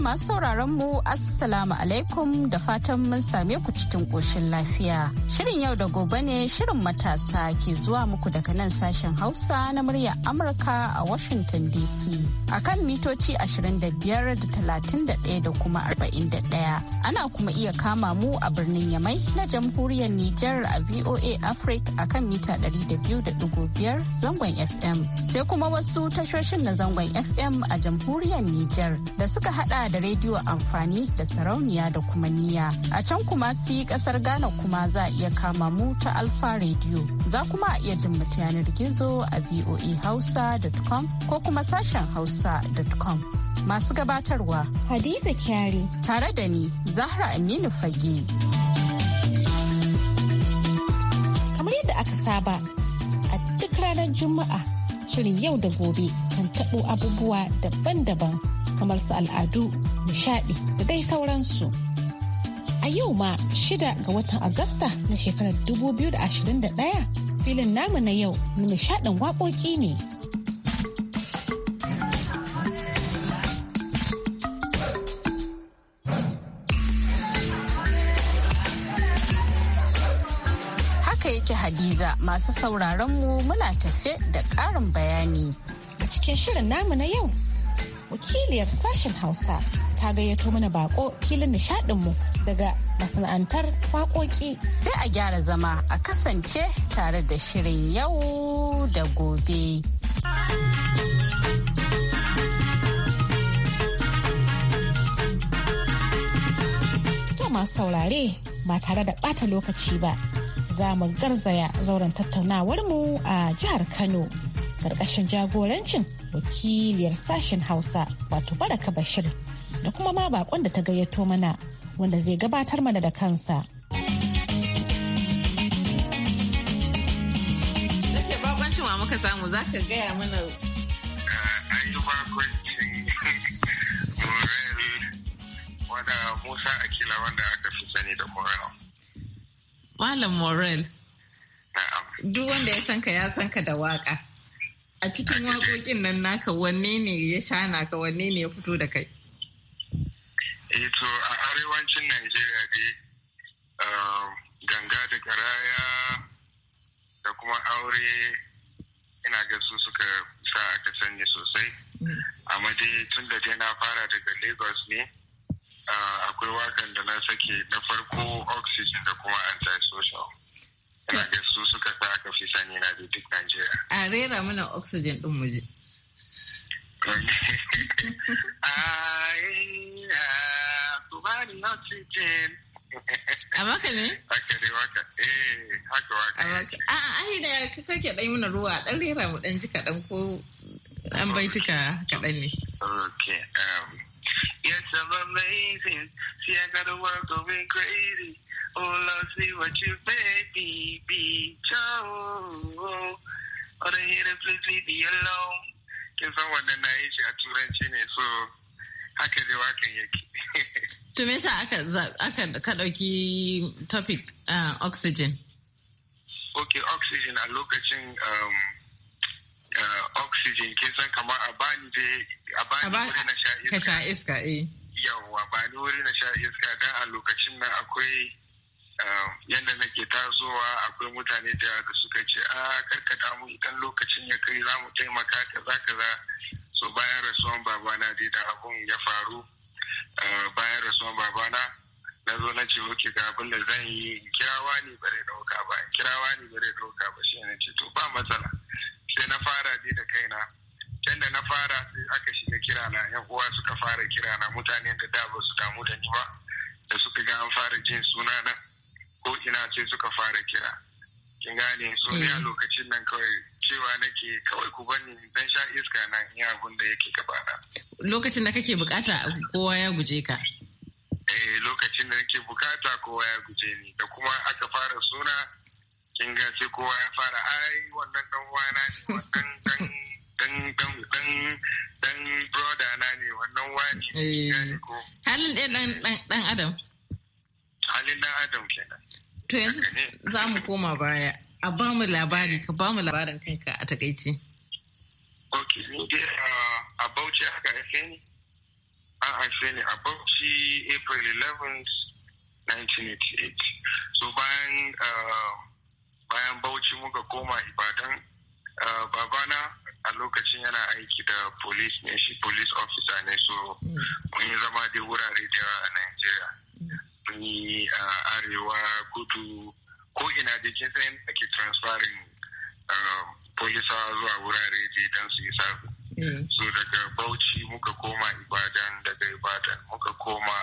masu sauraron mu assalamu alaikum da fatan mun same ku cikin ƙoshin lafiya. Shirin yau da gobe ne shirin matasa ke zuwa muku daga nan sashen Hausa na muryar Amurka a Washington DC. A kan mitoci 25 da 31 da kuma 41. Ana kuma iya kama mu a birnin Yamai na jamhuriyar Nijar a VOA Africa a kan mita 200.5 zangon FM. Sai kuma wasu tashoshin na zangon FM a jamhuriyar Nijar da suka hada da rediyo amfani da sarauniya da kuma niya. A can kuma si kasar Ghana kuma za a iya kama mu ta Alfa rediyo Za kuma a iya jin mu yanar gizo a voahausa.com ko kuma sashen hausa.com. Masu gabatarwa Hadiza Kyari tare da ni Zahra Aminu Fage. Kamar yadda aka saba a duk ranar Juma'a shirin yau da gobe kan taɓo abubuwa daban-daban kamar su al'adu nishadi da dai sauransu a yau ma shida ga watan agusta na shekarar 2021 filin namu na yau na nishadin waƙoƙi ne yake Hadiza masu sauraron mu muna tafe da ƙarin bayani. A cikin shirin namu na yau wakiliyar sashen hausa ta gayyato mana bako filin nishadinmu daga masana'antar waƙoƙi sai a gyara zama a kasance tare da shirin yau da gobe. to masu saurare ba tare da ɓata lokaci ba za mu garzaya zauren tattaunawarmu a jihar kano karkashin jagorancin wakiliyar sashen hausa wato baraka bashir da kuma ma bakon da ta gayyato mana wanda zai gabatar mana da kansa wa muka samu za gaya mana eh, an yi wanda musa akila wanda aka fi sani da morel malam morel duk wanda ya sanka ya sanka da waka a cikin waƙoƙin nan naka wanne ne ya sha naka wanne ne ya fito da kai eh to a arewacin najeriya dai uh, ganga da garaya da kuma aure ina ga su suka sa aka sanya sosai mm. amma dai tun da dai na fara daga lagos ne uh, akwai wakan da na sake na farko oxygen da kuma antisocial da su suka sa aka fi sani na da duk Najeriya. A rera mana oxygen ɗin muje. A maka ne? Haka ne waka. Eh, haka waka. A maka. A ai da ka kake ɗan mana ruwa ɗan rera mu ɗan ji kaɗan ko ɗan baituka kaɗan ne. Okay. Um, Yes, I'm amazing. See, I got a world going crazy. Oh, Lord, see what you made me be. Joe. All the haters, please leave me alone. Cause I want to know if you're too ne so haka dai wakan yake. To me yasa aka aka ka dauki topic uh, oxygen? Okay, oxygen a lokacin um, Eh, oxygen kin san kamar a bani je a bani wuri na sha iska. Ka sha iska eh. Yawwa bani wuri na sha iska dan a lokacin nan akwai eh, yadda nake tasowa akwai mutane da da suka ce a karkata mu idan lokacin ya kai za mu taimaka ka kaza so bayan rasuwan babana dai da abun ya faru eh, bayan rasuwan babana na zo na ce oke ga abin da zan yi kirawa ne bare dauka ba kirawa ne bare dauka ba shi ne ce to ba matsala sai na fara je da kaina can da na fara sai aka shiga kira na yan uwa suka fara kira na mutane da da ba su damu da ni ba da suka ga an fara jin suna na ko ina sai suka fara kira kin gane so ne a mm. lokacin nan kawai cewa nake kawai ku bani dan sha iska na ni abun da yake gabana lokacin da kake bukata kowa ya guje ka eh lokacin da nake bukata kowa ya guje ni da kuma aka fara suna kin ga sai kowa ya fara ai wannan dan uwana ne wannan dan dan dan dan dan broda na ne wannan wani ne eh. ko halin ɗaya dan dan dan adam halin dan adam kenan to yanzu za mu koma baya a ba mu labari ka ba mu labarin kanka a takaici. ok ni dai a bauchi aka haife ni an haife ni a bauchi april 11 1988 so bayan uh, bayan bauchi muka koma ibadan eh, babana a lokacin yana aiki da police ne shi police officer ne so mun yi zama da wurare da a nigeria mun yi eh, arewa gudu ko ina da kin ake transferring eh, polisa zuwa wurare da dan su yi sabu mm. so daga bauchi muka koma ibadan daga ibadan muka koma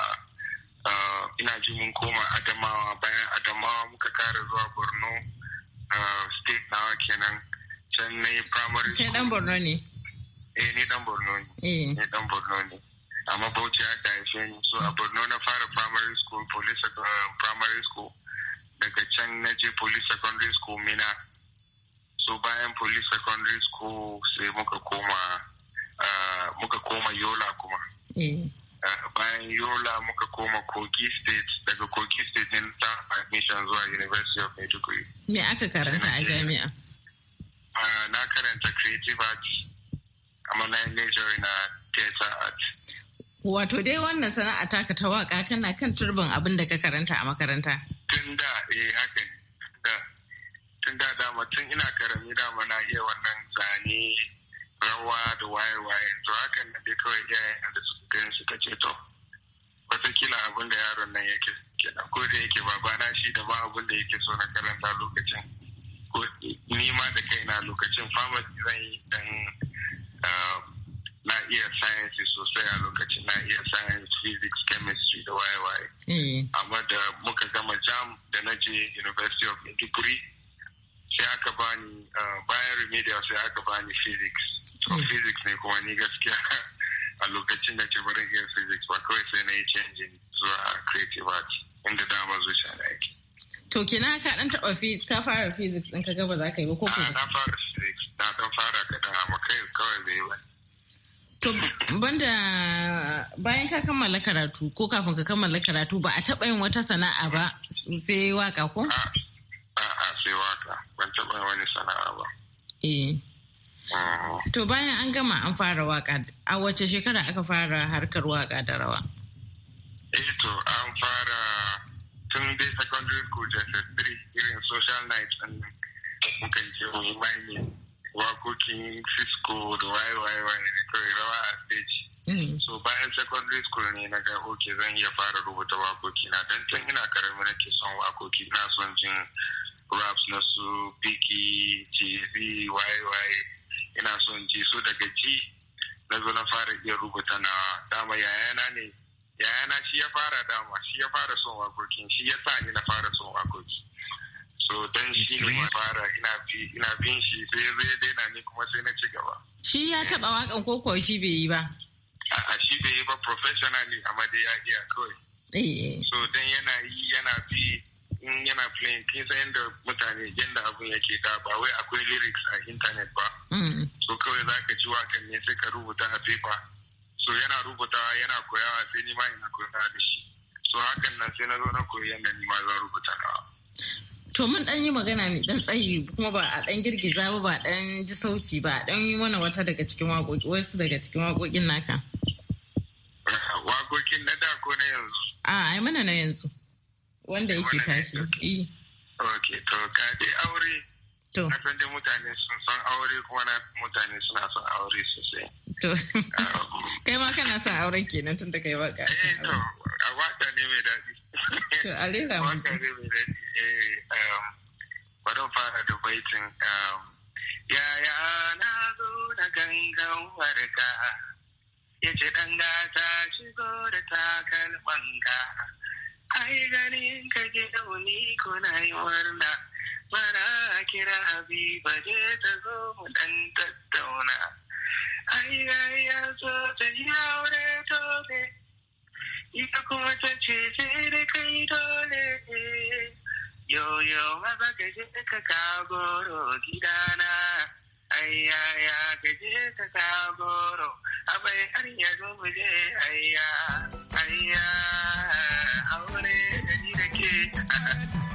ina ji mun koma adamawa bayan adamawa muka kara zuwa borno state nawa kenan can na yi primary school. Kai dan Borno ne? Eh ni dan Borno ne. Eh. Ni dan Borno ne. Amma Bauchi aka haife ni so a Borno na fara primary school police eh, primary school daga can na je police secondary school mina so bayan police secondary school sai muka koma eh, muka koma yola kuma. Eh, bayan yola muka koma kogi state daga kogi state din ta admission zuwa university of maiduguri me aka karanta a jami'a eh, na karanta creative arts amma na major na theater arts. wato dai wannan sana'a taka ta waka kana kan turbin abin da ka karanta a makaranta tun da eh haka tun da dama tun ina karami dama na iya wannan zane rawa da waye-waye to hakan na dai kawai iyayen da su garin suka ce to watakila abin da yaron nan yake kenan ko da yake babana shi da ba abin da yake so na karanta lokacin ko ni ma da kaina lokacin pharmacy, zan yi dan ah, na iya science sosai a lokacin na iya science physics chemistry da waye-waye mm. amma da muka gama jam da na je university of maiduguri sai aka bani ah, bayan remedial sai aka bani physics to mm. physics ne kuma ni gaskiya a lokacin da ce barin iya physics ba kawai sai na yi canjin zuwa creative art inda dama zuciya na yake. To kina ka dan taba ka fara physics din ka gaba za ka yi ba ko ko? Na fara physics na dan fara kaɗan amma kai kawai bai ba. To banda bayan ka kammala karatu ko kafin ka kammala karatu ba a taɓa yin wata sana'a ba sai waka ko? A'a sai waka ban taɓa wani sana'a ba. Eh. To bayan an gama an fara waka a wace shekara aka fara harkar waka da rawa? Eh to an fara tun dai secondary school ss3 irin social night din mukan je wani bayan mining wakokin fisco da yyy kawai rawa a stage mm. so bayan secondary school ne na ga oke zan iya fara rubuta wakoki na dan tun ina karami ke son wakoki na son jin raps na su biki tv waye waye ina son ji so daga ji na zo na fara iya rubuta na dama yayana ne yayana shi ya fara dama shi ya fara son wakokin shi ya sa ni na fara son wakoki so dan shi ne ya fara ina bi ina bin shi sai ya zai daina ni kuma sai na ci gaba shi ya taba wakan koko shi bai yi ba a shi bai yi ba professionally amma dai ya iya kawai eh. so dan yana yi yana bi in yana playing kin san yadda mutane yadda abun yake da ba wai akwai lyrics a internet ba mm. so kawai za ka ji wakan ne sai ka rubuta a paper so yana rubutawa yana koyawa sai ni ma ina koyawa da shi so hakan nan sai na zo na koyi yadda ni ma za rubuta nawa To mun dan yi magana mai dan tsayi kuma ba a dan girgiza ba ba dan ji sauti ba dan yi mana wata daga cikin waƙoƙi wasu daga cikin waƙoƙin naka. Waƙoƙin na da ko na yanzu? A ai mana na yanzu. wanda yake tashi eh. ok to ka dai aure to na san dai mutane sun san aure kuma na mutane suna son aure sosai to um, kai ma kana son auren kenan tun da kai waka eh to a waka ne mai daɗi to a rera mu waka ne mai daɗi eh um, bari fara da baitin um, yaya na zo na gangan warka ya ce ɗan gata shigo da takalmanka ai ganin ka ke dauni na yi murna mara kira habiba je ta zo mu dan tattauna ai ai ya zo ta yi aure dole ita kuma ta ce sai da kai dole yoyo maza ka je ka kagoro gidana ai ya ka je ka kagoro abai har ya zo mu je ayya ayya aure da ni da ke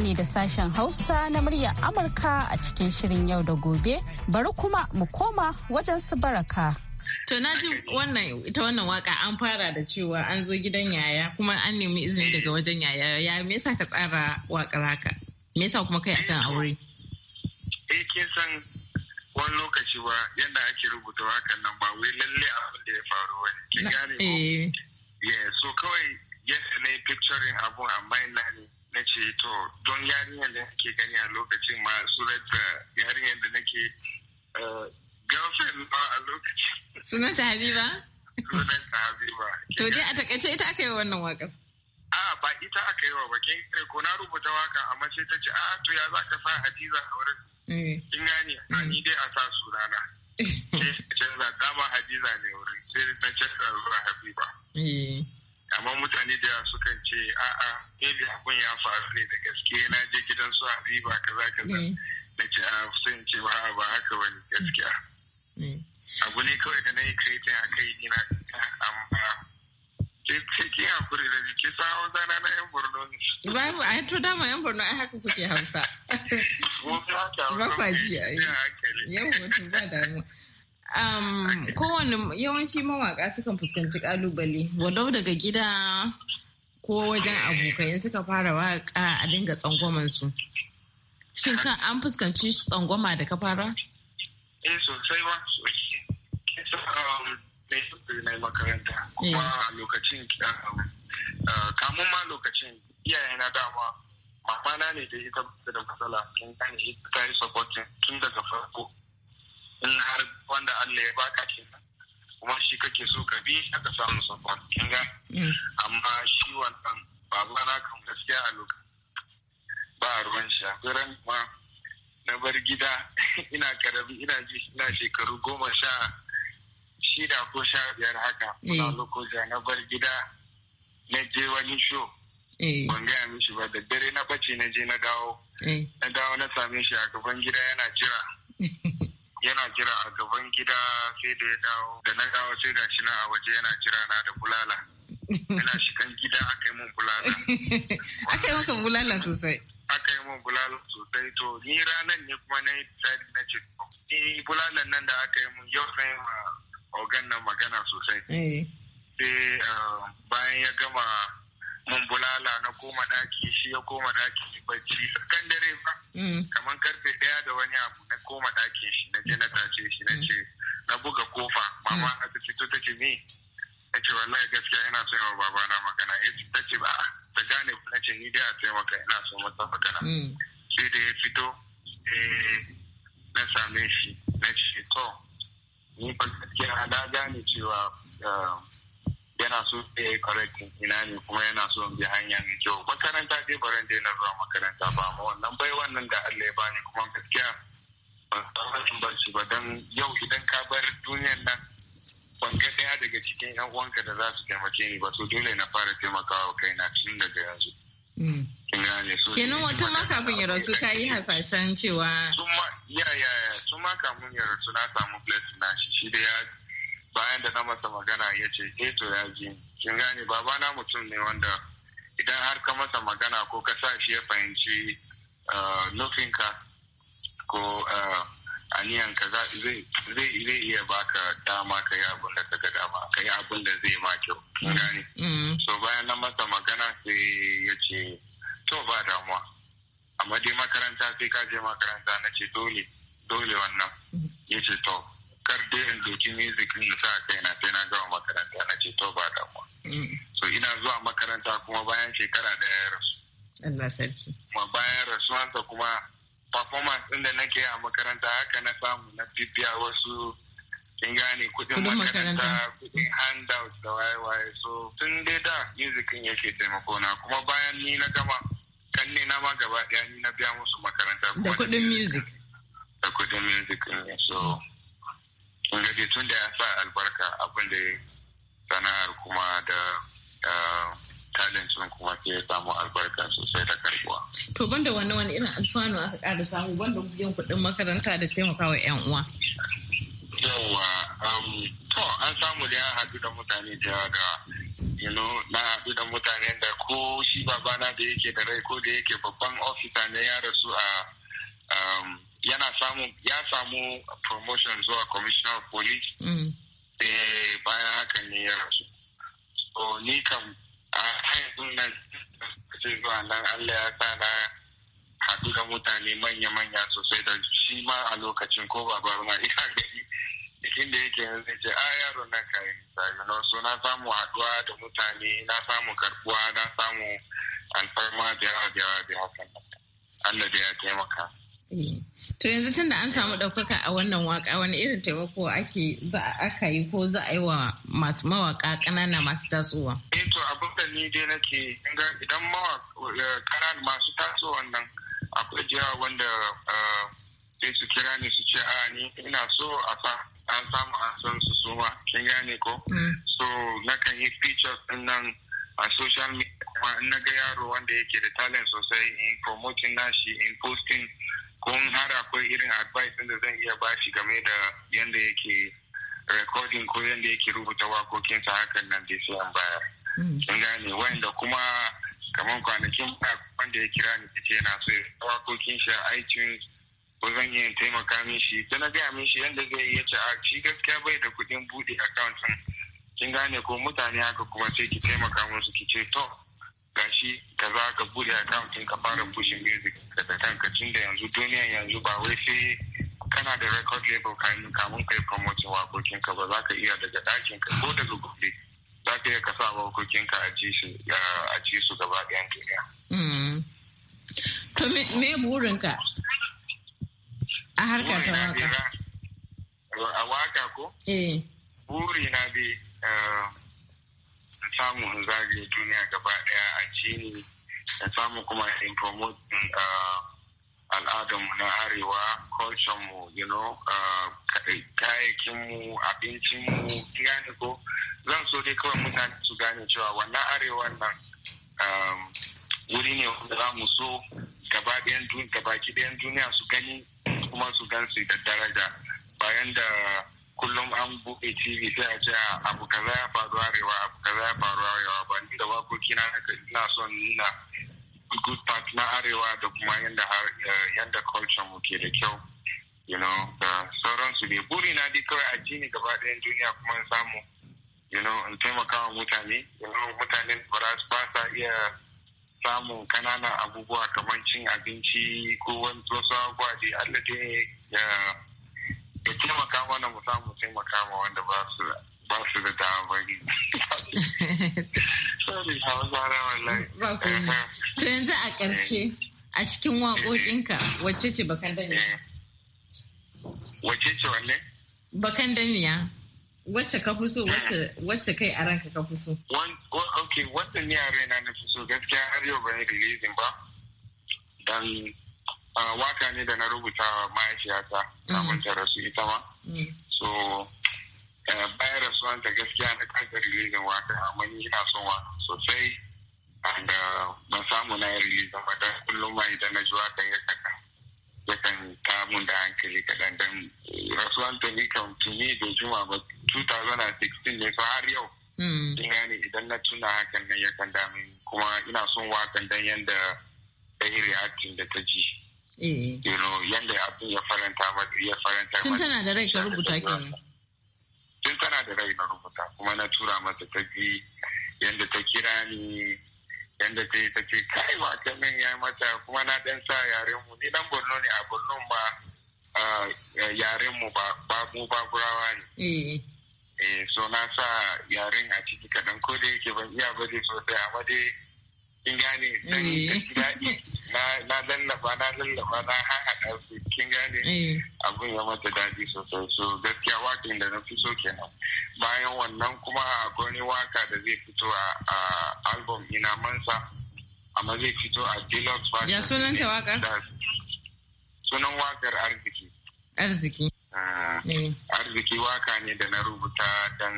ne da sashen Hausa na muryar Amurka a cikin shirin yau da gobe. Bari kuma mu koma wajen su baraka. To na ji wannan ita wannan waka an fara da cewa an zo gidan yaya kuma an nemi izini daga wajen yaya ya me yasa ka tsara wakar haka? Me yasa kuma kai akan aure? Eh kin san wani lokaci ba yanda ake rubuta waka nan ba wai lalle abin da ya faru wani. Kin gane ko? Eh. Yeah so kawai yadda na yi picturing abun amma ina ne na ce to don yarinyar da nake gani a lokacin ma sunanta yarinyar da nake eh, girlfriend ba a lokacin Sunan ta habiba ta habiba to dai a takaice ita aka yi wannan wakar a ba ita aka yi wa bakin kai ko na rubuta waka amma sai ta ce a to ya za ka sa hadiza a wurin eh. in gani a ni dai a sa sunana sai ta canza dama hadiza ne wurin sai ta canza zuwa habiba eh. amma mutane da sukan ce a'a maybe abun ya faru ne da gaske na je gidan su habiba kaza kaza mm. na ce a sun ce ba ba haka ne gaskiya mm. abu ne kawai da na yi kaitin a kai ina amma amma ke hakuri da jiki sawo zana na yan borno ne babu a to dama yan borno ai haka kuke hausa ba kwaji yi yau mutum ba damu um, kowane yawanci mawaka sukan fuskanci kalubale walau daga gida ko wajen abokai suka fara waka a dinga tsangwaman su shin kan an fuskanci tsangwama da ka fara eh sosai ba sosai um, na makaranta kuma lokacin um, uh, kamun ma lokacin iyaye na dama mamana ne da ita da matsala kin gane ita ta yi supporting tun daga farko in har wanda Allah ya baka kenan kuma shi kake so ka bi aka samu sabon kin ga mm. amma shi wannan babu ana kan gaskiya a lokacin ba a ruwan shi ran ma na bar gida ina karabi ina ji ina shekaru goma sha shida ko sha biyar haka kuna mm. lokaci na bar gida na je wani show mm. ban gaya mishi ba da dare na bace na je na dawo na dawo na same shi a gaban gida yana jira yana jira a gaban gida sai da ya dawo da na dawo sai ga shi na a waje yana jira na da bulala yana shigan gida aka yi mun bulala aka yi maka bulala sosai aka yi mun bulala sosai to ni ranar ne kuma na yi tsari na ce oh, ni bulalan nan da aka yi mun yau na yi ma ogan nan magana sosai eh. sai um, bayan ya gama mun bulala na koma daki shi ya koma daki bacci kan dare ba mm. kamar karfe daya da wani abu na koma daki shi na je na tace shi na mm. ce na buga kofa mama mm. ta fito ta ce me na ce wallahi gaskiya ina son yawa baba na magana ya ta ce ba ta gane na ce ni dai a taimaka ina son masa magana sai da ya fito eh, na same shi na ce to ni ba gaskiya na gane cewa eh, yana so ya eh, yi correcting ina ne kuma yana so bi hanya mai kyau makaranta dai bari da yana zuwa makaranta ba amma wannan bai wannan da Allah ya bani kuma gaskiya ban san barci ba dan yau idan ka bar duniyar nan ban ga daya daga cikin yan uwanka da za su taimake ni ba so dole na fara taimakawa kaina tun daga yanzu mm. kenan wata ma kafin ya rasu ka yi hasashen cewa ya ya ya su ma kafin ya rasu na samu blessing na shi shi da ya bayan da na masa magana ya ce eh to ya ji kin gane na mutum ne wanda idan har ka masa magana ko ka sa shi ya fahimci eh, nufinka ko aniyan eh, aniyanka zai iya baka dama ka yi abin da ka dama ka yi abin da zai ma kyau kin gane mm-hmm. so bayan na masa magana sai ya ce to ba damuwa amma dai makaranta sai ka je makaranta na ce dole dole wannan mm-hmm. ya ce to kar dai in doki music in sa kai na sai na gama makaranta na ce to ba mu. Mm. so ina zuwa makaranta kuma bayan shekara da ya rasu Allah sarki kuma bayan rasuwansa kuma performance din da nake a makaranta haka na samu na bibiya wasu kin gane kudin makaranta kudin handout da waye-waye so tun dai da musikin yake taimako na kuma bayan ni na gama kan ne na ma gaba daya ni na biya musu makaranta da kudin music da kudin music so kun ga tun da ya sa albarka abin da sana'ar kuma da talent kuma ke ya samu albarka sosai da karbuwa. To banda wannan wani irin alfanu aka ƙara samu banda biyan kuɗin makaranta da taimakawa 'yan uwa. Yawwa, um, to an samu da ya haɗu da mutane da yawa da yano na haɗu da mutane, da ko shi babana da yake da rai ko da yake babban ofisa ne ya rasu a samu ya samu promotion zuwa commissioner of police sai mm. eh, bayan hakan ne ya rasu so ni kam a yanzu nan ce zuwa nan Allah ya sa haɗu ga mutane manya-manya sosai da shi ma a lokacin ko ba ma ina gani da yake yanzu zai ce a yaro nan kayan yi na so na samu haɗuwa da mutane na samu karɓuwa na samu alfarma da yawa da yawa da haka Allah da ya taimaka. Eh. To yanzu tun da an samu ɗaukaka a wannan waka wani irin taimako ake za aka yi ko za a yi wa masu mawaka ƙanana masu tasowa. Eh to abin da ni dai nake idan mawaka eh, ƙanana masu tasowa nan akwai jiya wanda eh, sai su kira ni su ce a ni ina so a sa an samu an san su suma kin gane ko. Mm. So nakan yi features ɗin nan a social media kuma na ga yaro wanda yake da talent sosai in promoting nashi in posting kun har akwai irin advice da zan iya bashi game da yanda yake recording ko yanda yake rubuta wakokinsa hakan nan da sai an bayar sun hmm. gane wanda kuma kamar kwanakin ba wanda ya kira ni ce yana so ya wakokin shi a iTunes ko zan iya taimaka mishi ta na gaya mishi yadda zai iya ce a shi gaskiya bai da kuɗin buɗe account ɗin kin gane ko mutane haka kuma sai ki taimaka musu ki ce to gashi za ka bude akawuntin ka fara pushing music da kanka tun da yanzu duniya yanzu ba wai sai kana da record label yi kamun kai promoting wakokin ka ba za ka iya daga ɗakin ka ko daga gobe za ka iya ka sa wakokin ka a ji su gaba ɗayan duniya. Hmm. To me burin ka a harkar ta waka? A waka ko? Eh. Buri na dai Ehm, na samu in duniya gaba daya a jini na samu kuma in promoting ehm, al'adarmu na arewa culture mu you know ehm, kayayyakin ko zan so dai kawai mutane su gane cewa wannan arewa nan wuri ne wanda za mu so gaba ɗayan duniya su gani kuma su gan da daraja bayan da kullum an buɗe tv sai a ce abu kaza ya faru arewa abu kaza ya faru arewa ba ni da wakoki na ina son nuna good part na arewa da kuma yanda eh, yanda culture mu ke da kyau you know da sauransu ne buri na dai kawai addini gaba ɗayan duniya kuma in samu you know in taimaka wa mutane you know mutane ba sa iya samun kananan abubuwa kamar cin abinci ko wasu abubuwa da Allah dai ya taimaka mana mu samu taimaka ma wanda ba su ba su da dama sorry hausa na wallahi to yanzu a ƙarshe a cikin waƙoƙinka wacce ce bakan damiya wacce ce wanne bakan damiya wacce ka fi so wacce hmm. kai a ranka ka fi so ok wacce ni a raina na fi so gaskiya har yau ban yi releasing ba dan ah, waka ne da na rubuta mahaifiyata hmm. na manta su ita ma hmm. so eh, bayan rasuwan wanda gaskiya na kasa rilizin waka amma ni ina son waka sosai da eh, ban samu na yi rilizin ba don kullum ma idan na ji waka ya kaka ta mun da hankali kaɗan don rasuwan wanda ni kan tuni da juma ba 2016 ne fa har yau hmm. ina ne idan na tuna hakan nan yakan dami kuma ina son wakan dan yanda ta yi reacting da ta ji Eh. You know, yanda abin ya faranta ya faranta Tun tana da rai ka rubuta kenan. Tun tana da rai na rubuta kuma na tura mata ta ji yanda ta kira ni yanda ta yi ta ce kai wa ta min ya mata kuma na dan sa yaren mu ni dan Borno ne a Borno ba yaren mu ba mu ba burawa ne. Eh. eh so na sa yaren a ciki kaɗan ko da yake ban iya ba dai sosai amma dai kin gane dan eh. daɗi na lallafa na lallafa na haɗa su kin gane eh. abin ya mata daɗi sosai so gaskiya wakin da na fi so kenan bayan wannan kuma akwai waka da zai fito a album ina mansa amma zai fito a deluxe version ya sunan ta wakar sunan wakar arziki arziki ah. eh. arziki waka ne da na rubuta dan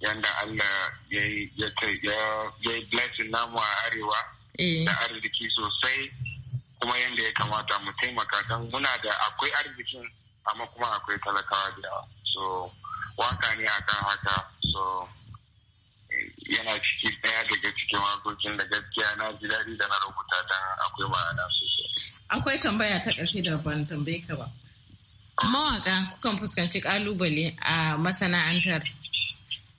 yanda Allah ya yi blessing namu a arewa eh. da arziki sosai kuma yanda ya kamata mu taimaka don muna da akwai arzikin amma kuma akwai talakawa da yawa so waka ne akan haka so yana ciki daya daga cikin wakokin da gaskiya na ji daɗi da na rubuta don akwai ma'ana sosai akwai tambaya ta ƙarshe da ban tambaye ka ba mawaka kukan fuskanci ƙalubale a masana'antar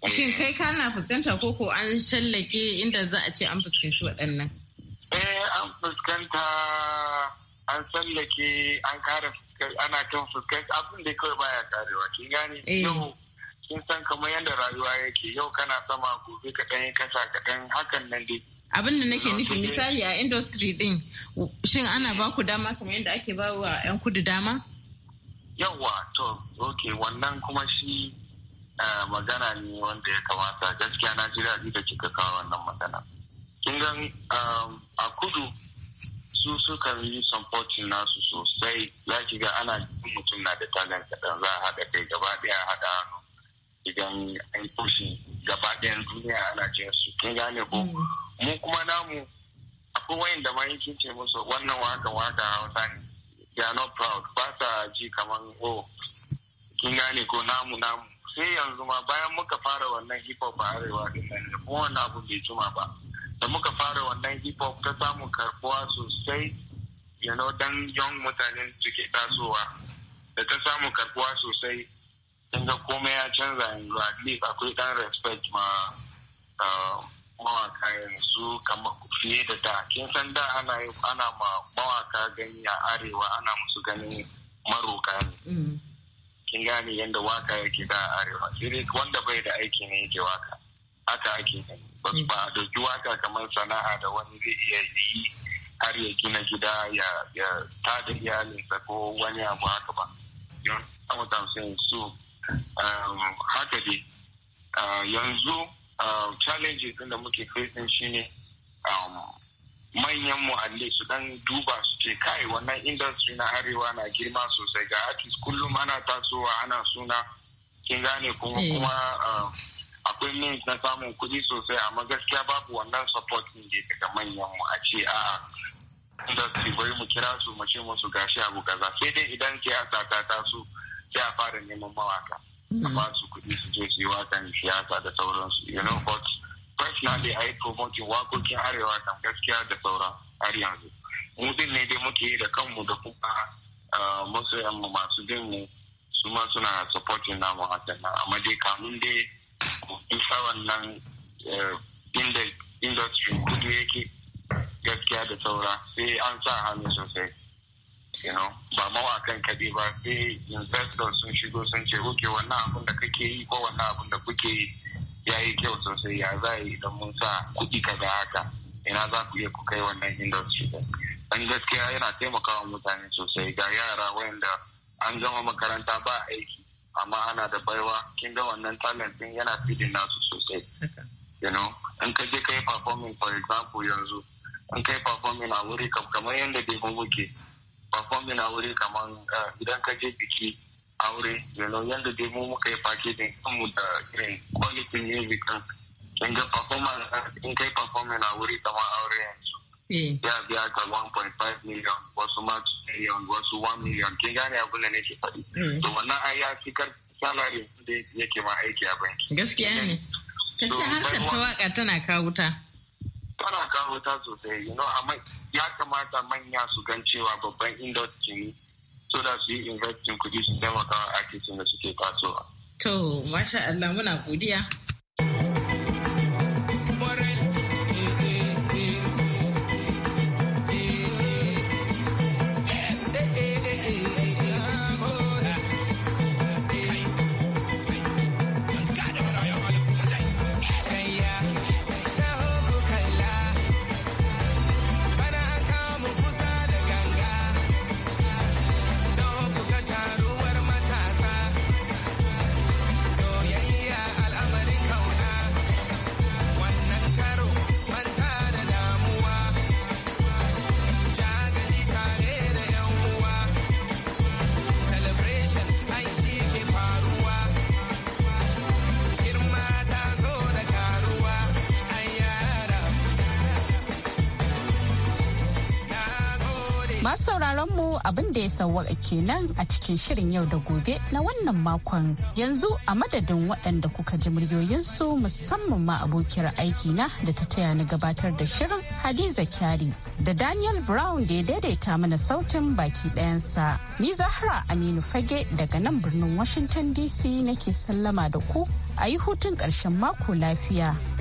Shin mm. kai kana fuskanta ko ko an shallake inda za a ce an fuskanci waɗannan? Eh an fuskanta an shallake an kare ana kan fuskanci abin da kawai baya karewa ki gane eh. yau kin san kamar yadda rayuwa yake yau kana sama gobe ka ɗan kasa ka ɗan hakan nan dai. Abin da nake nufi misali a industry din shin ana ba ku dama kamar yadda ake ba wa 'yan kudu dama? Yawwa to ok wannan kuma shi magana ne wanda ya kamata gaskiya na ji daɗi da kika kawo wannan magana kin gan um, a kudu su suka yi supporting nasu sosai za ki ga ana mutum na da talent kaɗan za a haɗa kai gaba ɗaya haɗa hannu idan an kushi gaba ɗayan duniya ana jin su kin gane ko mm. mu kuma namu akwai wayan da ma yankin ce musu wannan waka waka hausa ne they are not proud ba sa ji kaman oh kin gane ko namu namu sai yanzu ma bayan muka fara wannan hip hop a arewa da kuma wani abu bai juma ba da muka fara wannan hip hop ta samu karbuwa sosai you know dan young mutane suke tasowa da ta samu karbuwa sosai in ga komai ya canza yanzu at least akwai dan respect ma uh, mawaka yanzu kamar fiye da da kin san da ana ana ma mawaka gani a arewa ana musu ganin maroka ne mm. kin gane yadda waka yake da arewa sai dai wanda bai da aiki ne yake waka haka ake gani ba a doki waka kamar sana'a da wani zai iya yi har ya gina gida ya tada iyalinsa ko wani abu haka ba su um, haka dai uh, yanzu uh, challenges da muke facing shine um, manyan muhalli su dan duba su ce kai wannan industry na arewa na girma sosai ga artist kullum ana tasowa ana suna kin gane eh. kuma kuma ah, akwai means na samun kuɗi sosai amma gaskiya babu wannan support in da daga manyan mu a ce a industry bari mu kira su mu ce musu gashi abu kaza sai dai idan siyasa ta taso sai a fara neman mawaka mm. a ba su kuɗi su je su yi wakan siyasa da sauransu you know but personally a yi promoting wakokin arewa kan gaskiya da saura har yanzu mu ne dai muke yi da kanmu da kuma ah, masu yamma masu jin mu su ma suna supporting namu a nan amma dai kamun dai isa wannan eh, industry kudu yake gaskiya da saura sai an sa hannu sosai you know ba mawakan kaɗai ba sai investors sun shigo sun ce oke wannan abin da kake yi ko wannan abin da kuke yi ya yi kyau sosai ya za yi idan mun sa kuɗi ka kaza haka ina za ku iya ku kai wannan industry dan gaskiya yana taimakawa mutane sosai ga yara wayanda an gama makaranta ba aiki amma ana da baiwa kin ga wannan talent din yana feeding nasu sosai you know in ka je kai performing for example yanzu in kai performing a wuri kamar yadda dai muke performing a wuri kamar eh, idan ka je biki aure yanzu yadda dai mu muka yi da kanmu da irin quality music din in ga performance in kai performance a wuri kama aure yanzu eh. ya biya ka 1.5 million wasu ma million wasu 1 million kin gane abin da nake faɗi hmm. to wannan ai ya fi kar salary da yake ma aiki a banki gaskiya ne ka ce harkar ta waka tana kawo ta tana kawo ta sosai you know amma ya kamata manya su gan cewa babban industry so da su yi investing kuɗi su taimaka wa artistin da suke tasowa. To, masha Allah muna godiya. abin da ya sauwaka kenan a cikin shirin yau da gobe na wannan makon yanzu a madadin waɗanda kuka ji muryoyinsu musamman ma abokiyar aiki na da ta taya ni gabatar da shirin hadiza kyari da daniel brown da ya daidaita mana sautin baki ɗayansa ni zahra aminu fage daga nan birnin washington dc nake sallama da ku a yi hutun ƙarshen mako lafiya